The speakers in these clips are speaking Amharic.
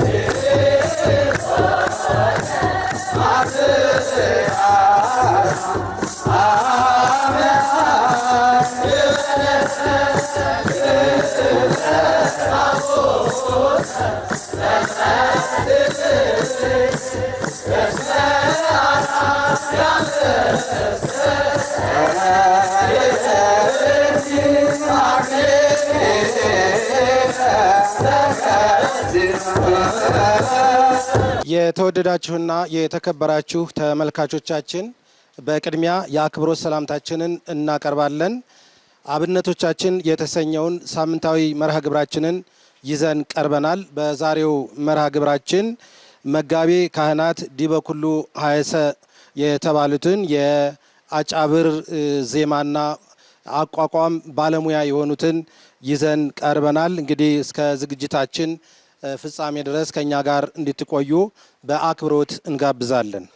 Yeah. የተወደዳችሁና የተከበራችሁ ተመልካቾቻችን በቅድሚያ የአክብሮት ሰላምታችንን እናቀርባለን። አብነቶቻችን የተሰኘውን ሳምንታዊ መርሃ ግብራችንን ይዘን ቀርበናል። በዛሬው መርሃ ግብራችን መጋቢ ካህናት ዲበኩሉ ሀየሰ የተባሉትን የአጫብር ዜማና አቋቋም ባለሙያ የሆኑትን ይዘን ቀርበናል። እንግዲህ እስከ ዝግጅታችን ፍጻሜ ድረስ ከእኛ ጋር እንድትቆዩ በአክብሮት እንጋብዛለን።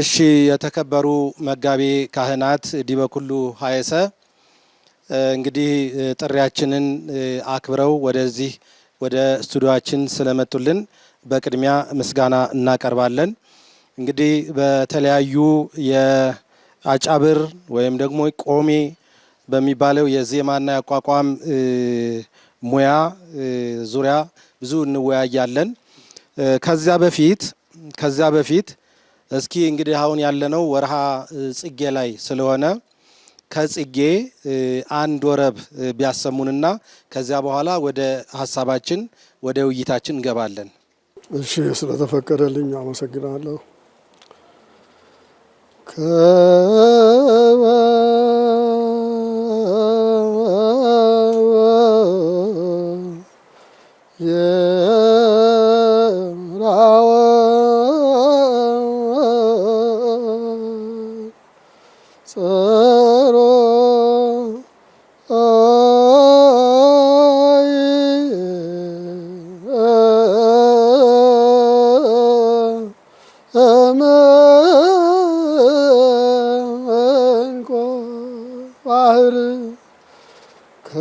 እሺ የተከበሩ መጋቤ ካህናት ዲበኩሉ ሀየሰ እንግዲህ ጥሪያችንን አክብረው ወደዚህ ወደ ስቱዲዮችን ስለመጡልን በቅድሚያ ምስጋና እናቀርባለን። እንግዲህ በተለያዩ የአጫብር ወይም ደግሞ ቆሜ በሚባለው የዜማና የአቋቋም ሙያ ዙሪያ ብዙ እንወያያለን። ከዚያ በፊት ከዚያ በፊት እስኪ እንግዲህ አሁን ያለነው ወርሃ ጽጌ ላይ ስለሆነ ከጽጌ አንድ ወረብ ቢያሰሙንና ከዚያ በኋላ ወደ ሀሳባችን ወደ ውይይታችን እንገባለን። እሺ፣ ስለተፈቀደልኝ አመሰግናለሁ። ከ kırık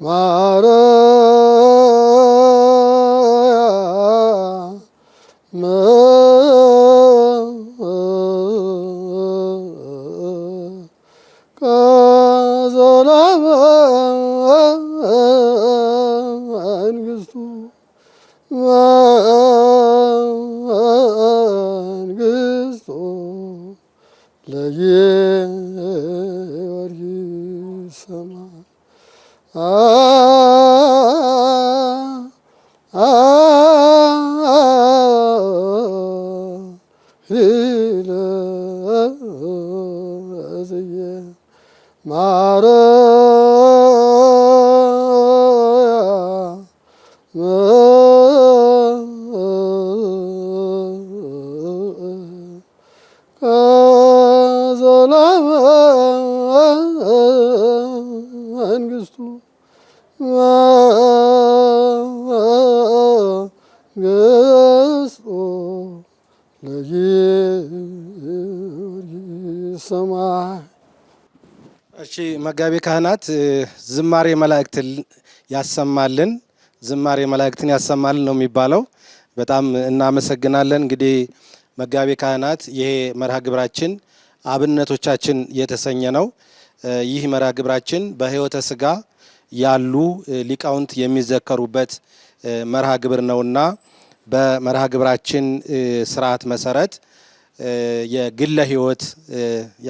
there. Mara መጋቢ ካህናት ዝማሬ መላእክትን ያሰማልን፣ ዝማሬ መላእክትን ያሰማልን ነው የሚባለው። በጣም እናመሰግናለን። እንግዲህ መጋቢ ካህናት ይሄ መርሃ ግብራችን አብነቶቻችን የተሰኘ ነው። ይህ መርሃ ግብራችን በህይወተ ስጋ ያሉ ሊቃውንት የሚዘከሩበት መርሃ ግብር ነውና በመርሃ ግብራችን ስርዓት መሰረት የግለ ህይወት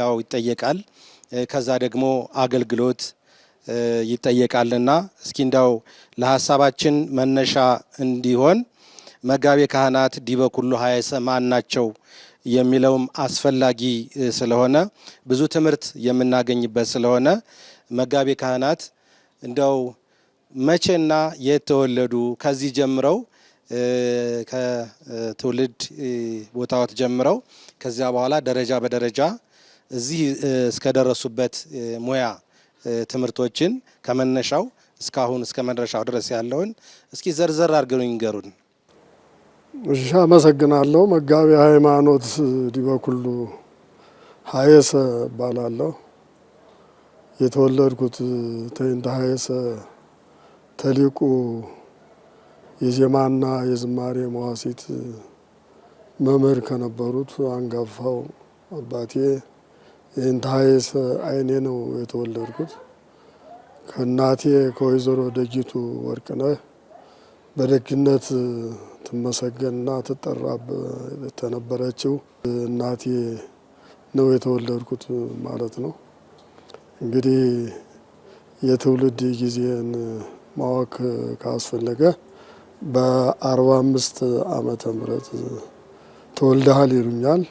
ያው ይጠየቃል። ከዛ ደግሞ አገልግሎት ይጠየቃልና እስኪ እንዳው ለሀሳባችን መነሻ እንዲሆን መጋቤ ካህናት ዲበ ሀየሰ ማን ናቸው የሚለውም አስፈላጊ ስለሆነ ብዙ ትምህርት የምናገኝበት ስለሆነ መጋቤ ካህናት እንደው መቼና የት ተወለዱ ከዚህ ጀምረው ከትውልድ ቦታዎት ጀምረው ከዚያ በኋላ ደረጃ በደረጃ እዚህ እስከደረሱበት ሙያ ትምህርቶችን ከመነሻው እስካሁን እስከ መድረሻው ድረስ ያለውን እስኪ ዘርዘር አድርገው ይንገሩን። እሺ፣ አመሰግናለሁ። መጋቢ ሃይማኖት ዲበኩሉ ሀየሰ እባላለሁ። የተወለድኩት ተይንተ ሀየሰ ተሊቁ የዜማና የዝማሬ መዋሲት መምህር ከነበሩት አንጋፋው አባቴ ኢንታይስ አይኔ ነው የተወለድኩት። ከእናቴ ከወይዘሮ ደጅቱ ወርቅነህ በደግነት ትመሰገንና ትጠራ የተነበረችው እናቴ ነው የተወለድኩት ማለት ነው። እንግዲህ የትውልድ ጊዜን ማወቅ ካስፈለገ በአርባ አምስት ዓመተ ምህረት ተወልደሃል ይሉኛል።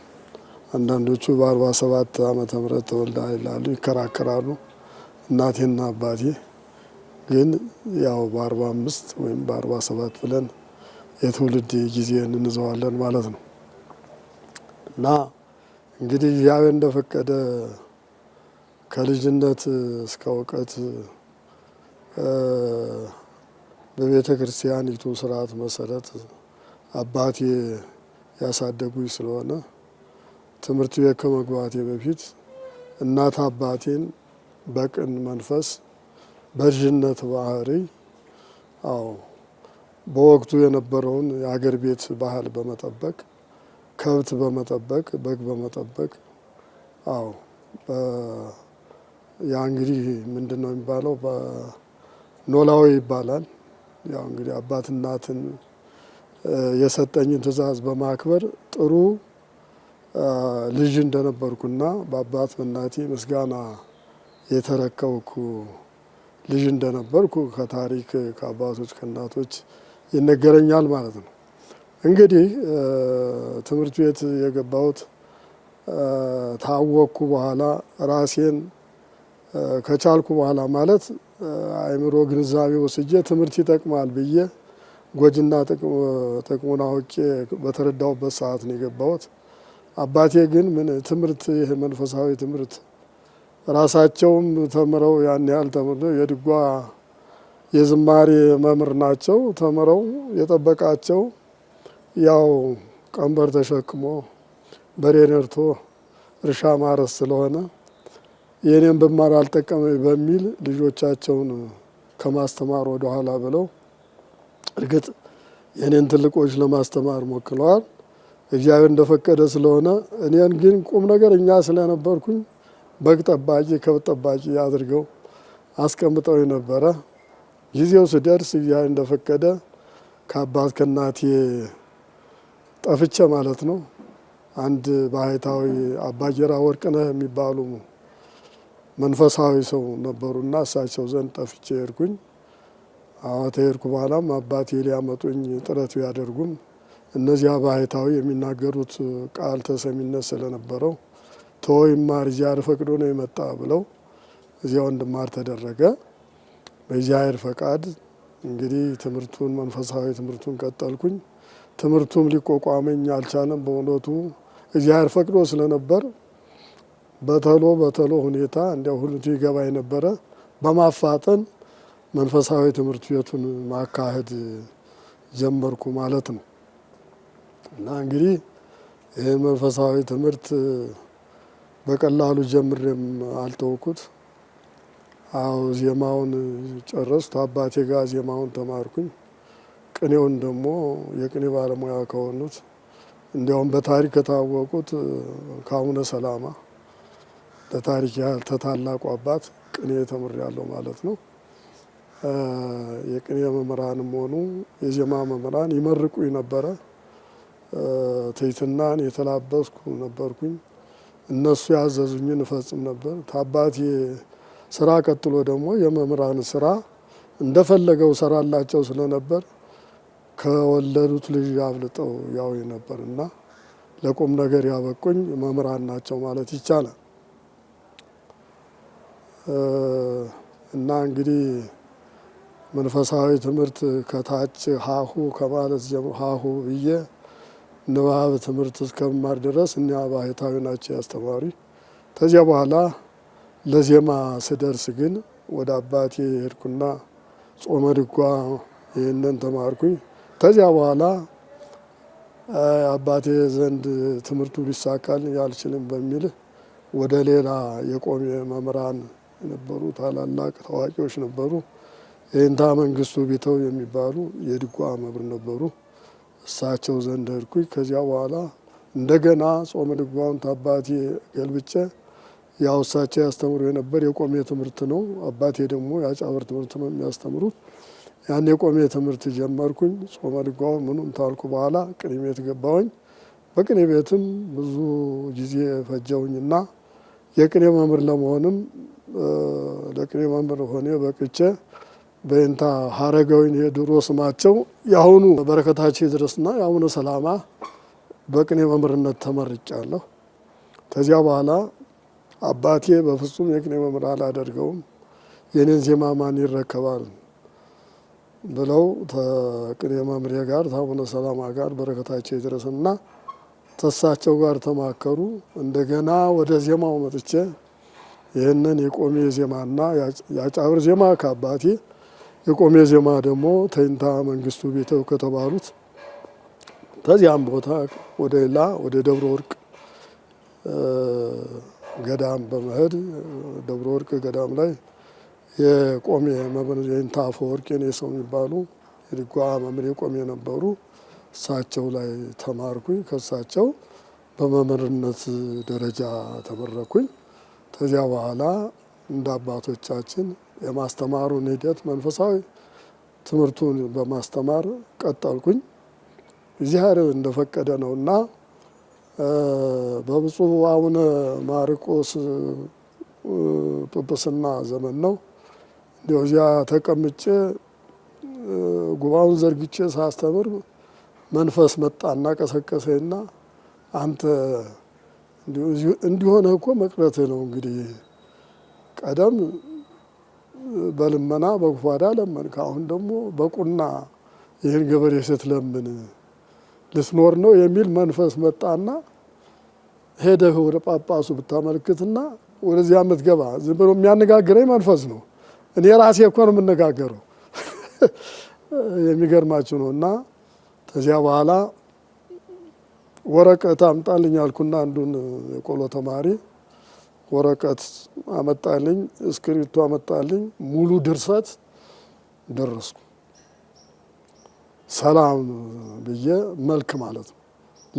አንዳንዶቹ በአርባ ሰባት ዓመተ ምህረት ተወልዳ ይላሉ ይከራከራሉ። እናቴና አባቴ ግን ያው በአርባ አምስት ወይም በአርባ ሰባት ብለን የትውልድ ጊዜን እንዘዋለን ማለት ነው እና እንግዲህ እግዚአብሔር እንደፈቀደ ከልጅነት እስከ እውቀት በቤተ ክርስቲያኒቱ ስርዓት መሰረት አባቴ ያሳደጉኝ ስለሆነ ትምህርት ቤት ከመግባቴ በፊት እናት አባቴን በቅን መንፈስ በልጅነት ባህሪ አዎ በወቅቱ የነበረውን የአገር ቤት ባህል በመጠበቅ ከብት በመጠበቅ በግ በመጠበቅ አዎ ያ እንግዲህ ምንድን ነው የሚባለው ኖላዊ ይባላል። ያው እንግዲህ አባት እናትን የሰጠኝን ትዕዛዝ በማክበር ጥሩ ልጅ እንደነበርኩና በአባት በእናቴ ምስጋና የተረከብኩ ልጅ እንደነበርኩ ከታሪክ ከአባቶች ከእናቶች ይነገረኛል ማለት ነው። እንግዲህ ትምህርት ቤት የገባሁት ታወቅኩ በኋላ ራሴን ከቻልኩ በኋላ ማለት አእምሮ ግንዛቤ ወስጄ ትምህርት ይጠቅማል ብዬ ጎጂና ጥቅሙን አውቄ በተረዳሁበት ሰዓት ነው የገባሁት። አባቴ ግን ምን ትምህርት ይህ መንፈሳዊ ትምህርት ራሳቸውም ተምረው ያን ያህል ተምረው የድጓ የዝማሬ መምህር ናቸው። ተምረው የጠበቃቸው ያው ቀንበር ተሸክሞ በሬ ነርቶ እርሻ ማረስ ስለሆነ የእኔም ብማር አልጠቀመኝ በሚል ልጆቻቸውን ከማስተማር ወደ ኋላ ብለው እርግጥ የእኔን ትልቆች ለማስተማር ሞክለዋል። እግዚአብሔር እንደፈቀደ ስለሆነ እኔን ግን ቁም ነገር እኛ ስለነበርኩኝ በግ ጠባቂ ከብ ጠባቂ አድርገው አስቀምጠው የነበረ ጊዜው ስደርስ እግዚአብሔር እንደፈቀደ ከአባት ከእናቴ ጠፍቼ ማለት ነው። አንድ ባህታዊ አባጀራ ወርቅነህ የሚባሉ መንፈሳዊ ሰው ነበሩና እሳቸው ዘንድ ጠፍቼ ሄድኩኝ። አዎ ተሄድኩ በኋላም አባቴ ሊያመጡኝ ጥረት ቢያደርጉም እነዚያ ባህታዊ የሚናገሩት ቃል ተሰሚነት ስለነበረው ተወይ ማር እግዚአብሔር ፈቅዶ ነው የመጣ ብለው እዚያው እንድማር ተደረገ። በእግዚአብሔር ፈቃድ እንግዲህ ትምህርቱን መንፈሳዊ ትምህርቱን ቀጠልኩኝ። ትምህርቱም ሊቋቋመኝ አልቻለም። በእውነቱ እግዚአብሔር ፈቅዶ ስለነበር በተሎ በተሎ ሁኔታ እንዲያው ሁሉቱ ይገባ የነበረ በማፋጠን መንፈሳዊ ትምህርት ቤቱን ማካሄድ ጀመርኩ ማለት ነው። እና እንግዲህ ይህ መንፈሳዊ ትምህርት በቀላሉ ጀምሬም አልተውኩት። አዎ ዜማውን ጨረስኩ። አባቴ ጋር ዜማውን ተማርኩኝ። ቅኔውን ደግሞ የቅኔ ባለሙያ ከሆኑት እንዲያውም በታሪክ ከታወቁት ከአቡነ ሰላማ ለታሪክ ያህል ተታላቁ አባት ቅኔ ተምሬያለሁ ማለት ነው። የቅኔ መምህራንም ሆኑ የዜማ መምህራን ይመርቁኝ ነበረ። ትሕትናን የተላበስኩ ነበርኩኝ። እነሱ ያዘዙኝን እፈጽም ነበር። ታባቴ ስራ ቀጥሎ ደግሞ የመምህራን ስራ እንደፈለገው ሰራላቸው ስለነበር ከወለዱት ልጅ አብልጠው ያው ነበር እና ለቁም ነገር ያበቁኝ መምህራን ናቸው ማለት ይቻላል። እና እንግዲህ መንፈሳዊ ትምህርት ከታች ሀሁ ከማለት ሀሁ ብዬ ንባብ ትምህርት እስከምማር ድረስ እኛ ባህታዊ ናቸው አስተማሪ። ከዚያ በኋላ ለዜማ ስደርስ ግን ወደ አባቴ ሄድኩና ጾመ ድጓ ይህንን ተማርኩኝ። ከዚያ በኋላ አባቴ ዘንድ ትምህርቱ ሊሳካል ያልችልም በሚል ወደ ሌላ የቆሚ መምህራን የነበሩ ታላላቅ ታዋቂዎች ነበሩ። ይህንታ መንግስቱ ቢተው የሚባሉ የድጓ መምህር ነበሩ። እሳቸው ዘንድ ሄድኩኝ። ከዚያ በኋላ እንደገና ጾመ ድጓውን አባቴ ገልብጬ ያው እሳቸው ያስተምሩ የነበር የቆሜ ትምህርት ነው። አባቴ ደግሞ የአጫብር ትምህርት ነው የሚያስተምሩት። ያን የቆሜ ትምህርት ጀመርኩኝ። ጾመ ድጓው ምኑም ታልኩ በኋላ ቅኔ ቤት ገባሁኝ። በቅኔ ቤትም ብዙ ጊዜ ፈጀውኝና የቅኔ መምህር ለመሆንም ለቅኔ መምህር ሆኔ በቅቼ በእንታ ሀረጋዊን የድሮ ስማቸው የአሁኑ በረከታቸው ይድረስና የአቡነ ሰላማ በቅኔ መምህርነት ተመርጫለሁ። ከዚያ በኋላ አባቴ በፍጹም የቅኔ መምህር አላደርገውም፣ የኔን ዜማ ማን ይረከባል ብለው ከቅኔ መምህሬ ጋር ከአቡነ ሰላማ ጋር በረከታቸው ይድረስና ተሳቸው ጋር ተማከሩ። እንደገና ወደ ዜማው መጥቼ ይህንን የቆሜ ዜማና የአጫብር ዜማ ከአባቴ የቆሜ ዜማ ደግሞ ተይንታ መንግስቱ ቤተው ከተባሉት ተዚያም ቦታ ወደ ሌላ ወደ ደብረ ወርቅ ገዳም በመሄድ ደብረ ወርቅ ገዳም ላይ የቆሜ መምህር የይንታ አፈወርቄን ሰው የሚባሉ የድጓ መምህር የቆሜ የነበሩ እሳቸው ላይ ተማርኩኝ። ከእሳቸው በመምህርነት ደረጃ ተመረኩኝ። ከዚያ በኋላ እንደ አባቶቻችን የማስተማሩን ሂደት መንፈሳዊ ትምህርቱን በማስተማር ቀጠልኩኝ። እግዚአብሔር እንደፈቀደ ነው እና በብፁዕ አቡነ ማርቆስ ጵጵስና ዘመን ነው እንዲያው እዚያ ተቀምጬ ጉባኤውን ዘርግቼ ሳስተምር መንፈስ መጣና ቀሰቀሰና አንተ እንዲሆነ እኮ መቅረት ነው እንግዲህ ቀደም በልመና በጉፋዳ ለመንክ፣ አሁን ደግሞ በቁና ይህን ገበሬ ስትለምን ልትኖር ነው የሚል መንፈስ መጣና ሄደህ ወደ ጳጳሱ ብታመልክትና ወደዚህ የምትገባ ዝም ብሎ የሚያነጋግረኝ መንፈስ ነው። እኔ ራሴ እኮ ነው የምነጋገረው። የሚገርማችሁ ነው። እና ከዚያ በኋላ ወረቀት አምጣልኝ አልኩና አንዱን የቆሎ ተማሪ ወረቀት አመጣልኝ፣ እስክሪብቶ አመጣልኝ። ሙሉ ድርሰት ደረስኩ። ሰላም ብዬ መልክ ማለት ነው።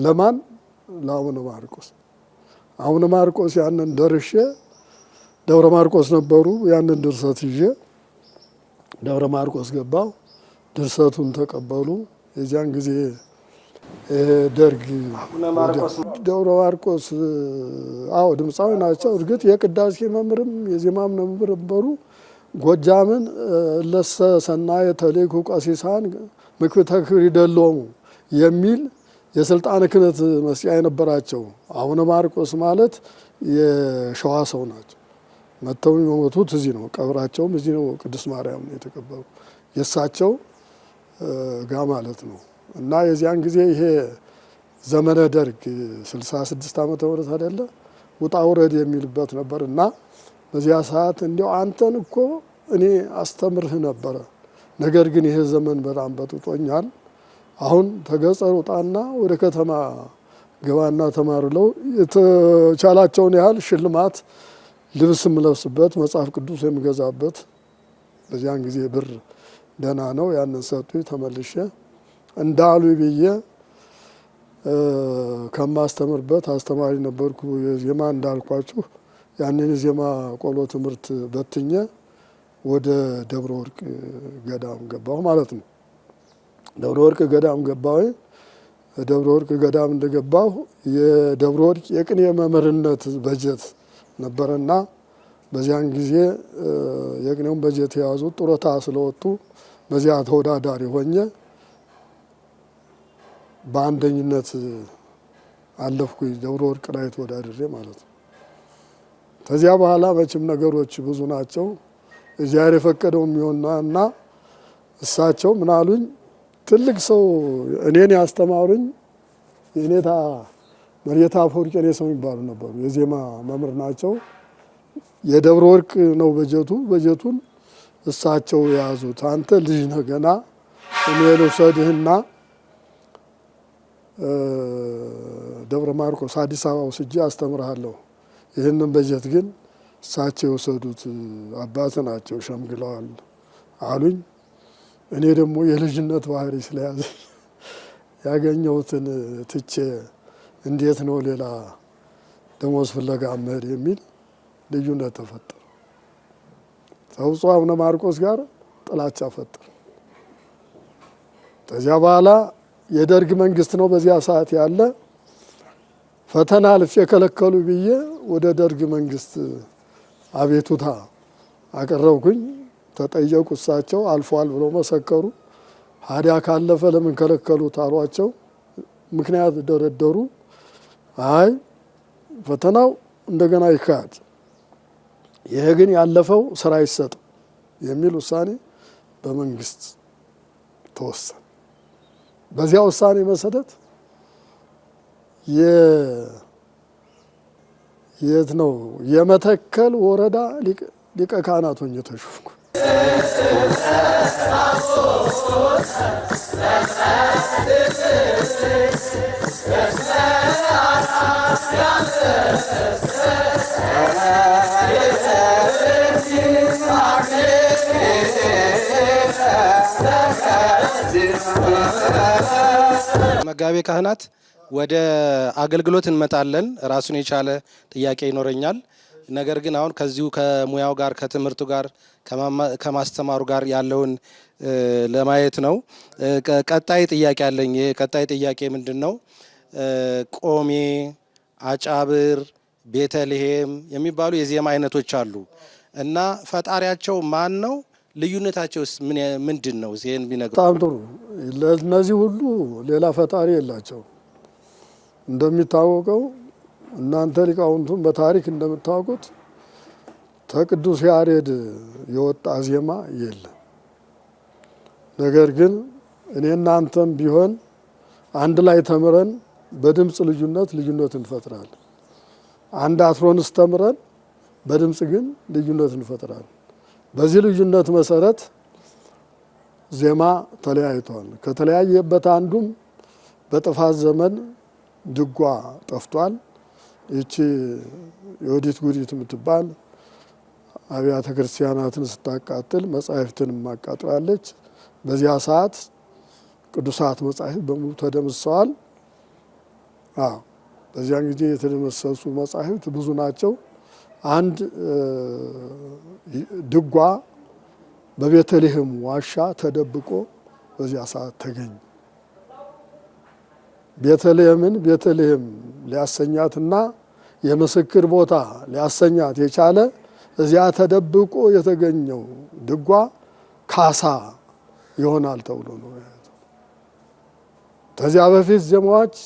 ለማን? ለአቡነ ማርቆስ። አቡነ ማርቆስ ያንን ደርሼ ደብረ ማርቆስ ነበሩ። ያንን ድርሰት ይዤ ደብረ ማርቆስ ገባሁ። ድርሰቱን ተቀበሉ። የዚያን ጊዜ ደርግ ደብረ ማርቆስ አዎ ድምፃዊ ናቸው። እርግጥ የቅዳሴ መምህርም የዜማም መምህር ነበሩ። ጎጃምን ለሰ ሰናየ ተሌኩ ቀሲሳን ምክብተ ክብር ይደሎሙ የሚል የስልጣን ክህነት መስያ የነበራቸው አቡነ ማርቆስ ማለት የሸዋ ሰው ናቸው። መተው የሞቱት እዚህ ነው። ቀብራቸውም እዚህ ነው። ቅዱስ ማርያም የተቀበሩ የእሳቸው ጋ ማለት ነው። እና የዚያን ጊዜ ይሄ ዘመነ ደርግ 66 ዓመተ ምህረት አይደለ ውጣ ውረድ የሚልበት ነበር እና በዚያ ሰዓት እንዲያው አንተን እኮ እኔ አስተምርህ ነበረ፣ ነገር ግን ይሄ ዘመን በጣም በጥጦኛል። አሁን ተገጸር ውጣና ወደ ከተማ ግባና ተማርለው የተቻላቸውን ያህል ሽልማት ልብስ የምለብስበት መጽሐፍ ቅዱስ የምገዛበት በዚያን ጊዜ ብር ደህና ነው። ያንን ሰጡ ተመልሼ እንዳሉ ብዬ ከማስተምርበት አስተማሪ ነበርኩ። የዜማ እንዳልኳችሁ ያንን የዜማ ቆሎ ትምህርት በትኜ ወደ ደብረ ወርቅ ገዳም ገባሁ ማለት ነው። ደብረ ወርቅ ገዳም ገባሁ። ደብረ ወርቅ ገዳም እንደገባሁ የደብረ ወርቅ የቅኔ መምህርነት በጀት ነበረና በዚያን ጊዜ የቅኔውን በጀት የያዙት ጡረታ ስለወጡ በዚያ ተወዳዳሪ ሆኜ በአንደኝነት አለፍኩኝ ደብረ ወርቅ ላይ ተወዳድሬ ማለት ነው። ከዚያ በኋላ መቼም ነገሮች ብዙ ናቸው። እግዚአብሔር የፈቀደው የሚሆና እና እሳቸው ምናሉኝ ትልቅ ሰው እኔን ያስተማሩኝ የኔታ መሬታ አፈወርቅ የኔ ሰው የሚባሉ ነበሩ። የዜማ መምህር ናቸው። የደብረ ወርቅ ነው በጀቱ። በጀቱን እሳቸው የያዙት አንተ ልጅ ነህ ገና እኔ ልውሰድህና ደብረ ማርቆስ አዲስ አበባ ውስጄ አስተምርሃለሁ። ይህንን በጀት ግን እሳቸው የወሰዱት አባት ናቸው ሸምግለዋል አሉኝ። እኔ ደግሞ የልጅነት ባህሪ ስለያዘኝ ያገኘሁትን ትቼ እንዴት ነው ሌላ ደሞዝ ፍለጋ መሄድ የሚል ልዩነት ተፈጠረ። ሰውጽ አቡነ ማርቆስ ጋር ጥላቻ ፈጠር። ከዚያ በኋላ የደርግ መንግስት ነው በዚያ ሰዓት ያለ። ፈተና አልፍ የከለከሉ ብዬ ወደ ደርግ መንግስት አቤቱታ አቀረብኩኝ። ተጠየቁ። እሳቸው አልፏል ብለው መሰከሩ። ሀዲያ ካለፈ ለምን ከለከሉት አሏቸው። ምክንያት ደረደሩ። አይ ፈተናው እንደገና ይካሄድ፣ ይሄ ግን ያለፈው ስራ ይሰጥ የሚል ውሳኔ በመንግስት ተወሰነ። በዚያ ውሳኔ መሰረት የት ነው የመተከል ወረዳ ሊቀ ካህናት ሆኜ ተሾምኩ። መጋቤ ካህናት ወደ አገልግሎት እንመጣለን። ራሱን የቻለ ጥያቄ ይኖረኛል። ነገር ግን አሁን ከዚሁ ከሙያው ጋር ከትምህርቱ ጋር ከማስተማሩ ጋር ያለውን ለማየት ነው። ቀጣይ ጥያቄ አለኝ። ቀጣይ ጥያቄ ምንድን ነው? ቆሜ፣ አጫብር፣ ቤተልሔም የሚባሉ የዜማ አይነቶች አሉ እና ፈጣሪያቸው ማን ነው? ልዩነታቸውስ ምንድን ነው? ይህን ቢነግሩ በጣም ጥሩ። ለእነዚህ ሁሉ ሌላ ፈጣሪ የላቸው እንደሚታወቀው እናንተ ሊቃውንቱም በታሪክ እንደምታውቁት ተቅዱስ ያሬድ የወጣ ዜማ የለም። ነገር ግን እኔ እናንተም ቢሆን አንድ ላይ ተምረን በድምፅ ልዩነት ልዩነት እንፈጥራለን። አንድ አትሮንስ ተምረን በድምፅ ግን ልዩነት እንፈጥራለን። በዚህ ልዩነት መሰረት ዜማ ተለያይቷል። ከተለያየበት አንዱም በጥፋት ዘመን ድጓ ጠፍቷል። ይቺ የወዲት ጉዲት የምትባል አብያተ ክርስቲያናትን ስታቃጥል መጻሕፍትንም አቃጥላለች። በዚያ ሰዓት ቅዱሳት መጻሕፍት በሙሉ ተደምሰዋል። በዚያን ጊዜ የተደመሰሱ መጻሕፍት ብዙ ናቸው። አንድ ድጓ በቤተልሔም ዋሻ ተደብቆ በዚያ ሰዓት ተገኘ። ቤተልሔምን ቤተልሔም ሊያሰኛትና የምስክር ቦታ ሊያሰኛት የቻለ እዚያ ተደብቆ የተገኘው ድጓ ካሳ ይሆናል ተብሎ ነው። ከዚያ በፊት ዜማዎች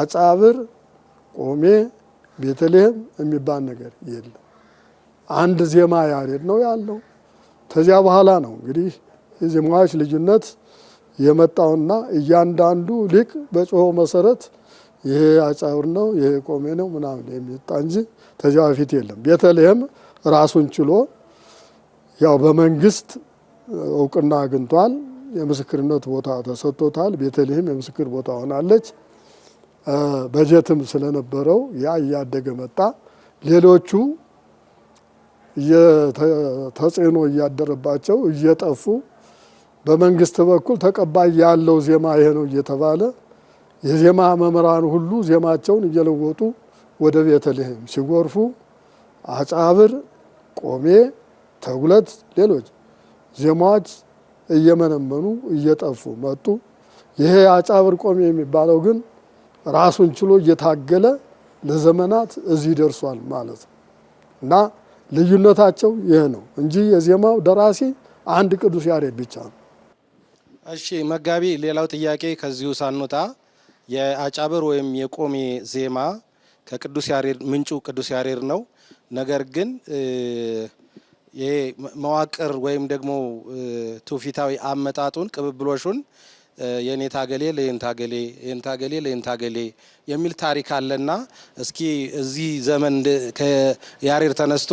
አጻብር፣ ቆሜ፣ ቤተልሔም የሚባል ነገር የለም። አንድ ዜማ ያሬድ ነው ያለው። ከዚያ በኋላ ነው እንግዲህ የዜማዎች ልዩነት የመጣውና እያንዳንዱ ሊቅ በጮኸው መሰረት ይሄ አጫውር ነው፣ ይሄ ቆሜ ነው ምናምን የሚጣ እንጂ ተዚያ በፊት የለም። ቤተልሔም ራሱን ችሎ ያው በመንግስት እውቅና አግኝቷል። የምስክርነት ቦታ ተሰጥቶታል። ቤተልሔም የምስክር ቦታ ሆናለች። በጀትም ስለነበረው ያ እያደገ መጣ። ሌሎቹ ተጽዕኖ እያደረባቸው እየጠፉ በመንግስት በኩል ተቀባይ ያለው ዜማ ይሄ ነው እየተባለ የዜማ መምህራን ሁሉ ዜማቸውን እየለወጡ ወደ ቤተልሔም ሲጎርፉ አጫብር፣ ቆሜ፣ ተጉለት ሌሎች ዜማዎች እየመነመኑ እየጠፉ መጡ። ይሄ አጫብር ቆሜ የሚባለው ግን ራሱን ችሎ እየታገለ ለዘመናት እዚህ ደርሷል ማለት ነው እና ልዩነታቸው ይህ ነው እንጂ የዜማው ደራሲ አንድ ቅዱስ ያሬድ ብቻ ነው። እሺ መጋቢ፣ ሌላው ጥያቄ ከዚሁ ሳንወጣ የአጫብር ወይም የቆሜ ዜማ ከቅዱስ ያሬድ ምንጩ ቅዱስ ያሬድ ነው። ነገር ግን ይሄ መዋቅር ወይም ደግሞ ትውፊታዊ አመጣጡን ቅብብሎሹን የኔታ ገሌ ለኔታ ገሌ የኔታ ገሌ ገሌ የሚል ታሪክ አለና እስኪ እዚህ ዘመን ከያሬድ ተነስቶ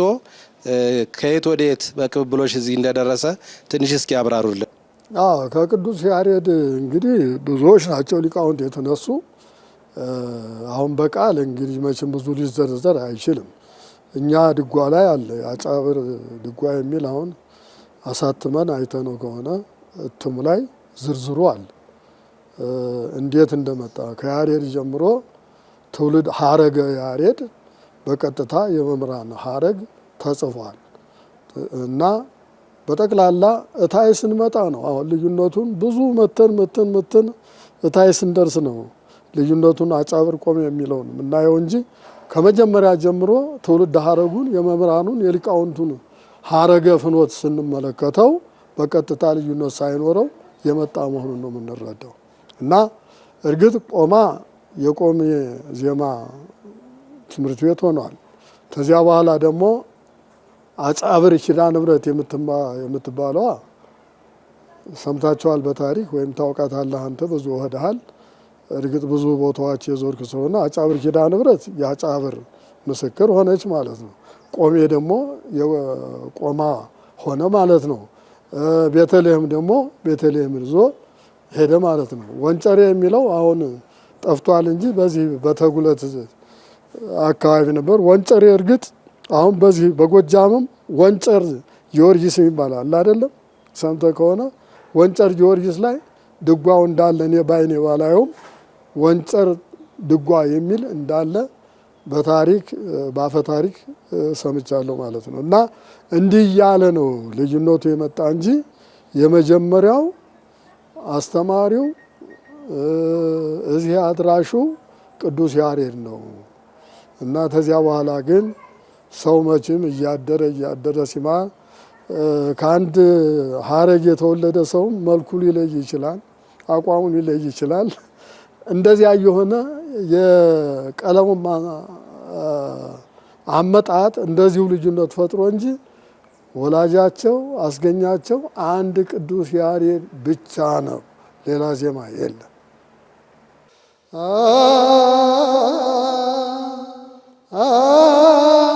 ከየት ወደ የት በቅብብሎሽ እዚህ እንደደረሰ ትንሽ እስኪ ያብራሩልን። ከቅዱስ ያሬድ እንግዲህ ብዙዎች ናቸው ሊቃውንት የተነሱ። አሁን በቃል እንግዲህ መቼም ብዙ ሊዘርዘር አይችልም። እኛ ድጓ ላይ አለ አጫብር ድጓ የሚል አሁን አሳትመን አይተነው ከሆነ እትሙ ላይ ዝርዝሩ አለ። እንዴት እንደመጣ ከያሬድ ጀምሮ ትውልድ ሀረገ ያሬድ በቀጥታ የመምህራን ሀረግ ተጽፏል እና በጠቅላላ እታይ ስንመጣ ነው። አሁን ልዩነቱን ብዙ መተን መተን መተን እታይ ስንደርስ ነው ልዩነቱን አጫብር ቆም የሚለውን የምናየው እንጂ ከመጀመሪያ ጀምሮ ትውልድ ሀረጉን የመምህራኑን የሊቃውንቱን ሀረገ ፍኖት ስንመለከተው በቀጥታ ልዩነት ሳይኖረው የመጣ መሆኑን ነው የምንረዳው። እና እርግጥ ቆማ የቆሜ ዜማ ትምህርት ቤት ሆኗል። ከዚያ በኋላ ደግሞ አጻብር ኪዳነ ምሕረት የምትባለዋ ሰምታችኋል በታሪክ ወይም ታውቃታለህ አንተ ብዙ ወህደሃል። እርግጥ ብዙ ቦታዎች የዞርክ ስለሆነ አጻብር ኪዳነ ንብረት የአጻብር ምስክር ሆነች ማለት ነው። ቆሜ ደግሞ የቆማ ሆነ ማለት ነው። ቤተልሔም ደግሞ ቤተልሔም ይዞ ሄደ ማለት ነው። ወንጨሬ የሚለው አሁን ጠፍቷል እንጂ በዚህ በተጉለት አካባቢ ነበር ወንጨሬ እርግጥ አሁን በዚህ በጎጃምም ወንጨር ጊዮርጊስ አለ አይደለም፣ ሰምተ ከሆነ ወንጨር ጊዮርጊስ ላይ ድጓው እንዳለ እኔ ባይኔ ባላየውም ወንጨር ድጓ የሚል እንዳለ በታሪክ በአፈ ታሪክ ሰምቻለሁ ማለት ነው። እና እንዲህ እያለ ነው ልዩነቱ የመጣ እንጂ የመጀመሪያው አስተማሪው እዚህ አድራሹ ቅዱስ ያሬድ ነው እና ተዚያ በኋላ ግን ሰው መቼም እያደረ እያደረ ሲማ ከአንድ ሀረግ የተወለደ ሰው መልኩ ሊለይ ይችላል፣ አቋሙ ሊለይ ይችላል። እንደዚያ የሆነ የቀለሙ አመጣጥ እንደዚሁ ልዩነት ፈጥሮ እንጂ ወላጃቸው አስገኛቸው አንድ ቅዱስ ያሬድ ብቻ ነው። ሌላ ዜማ የለም። Ah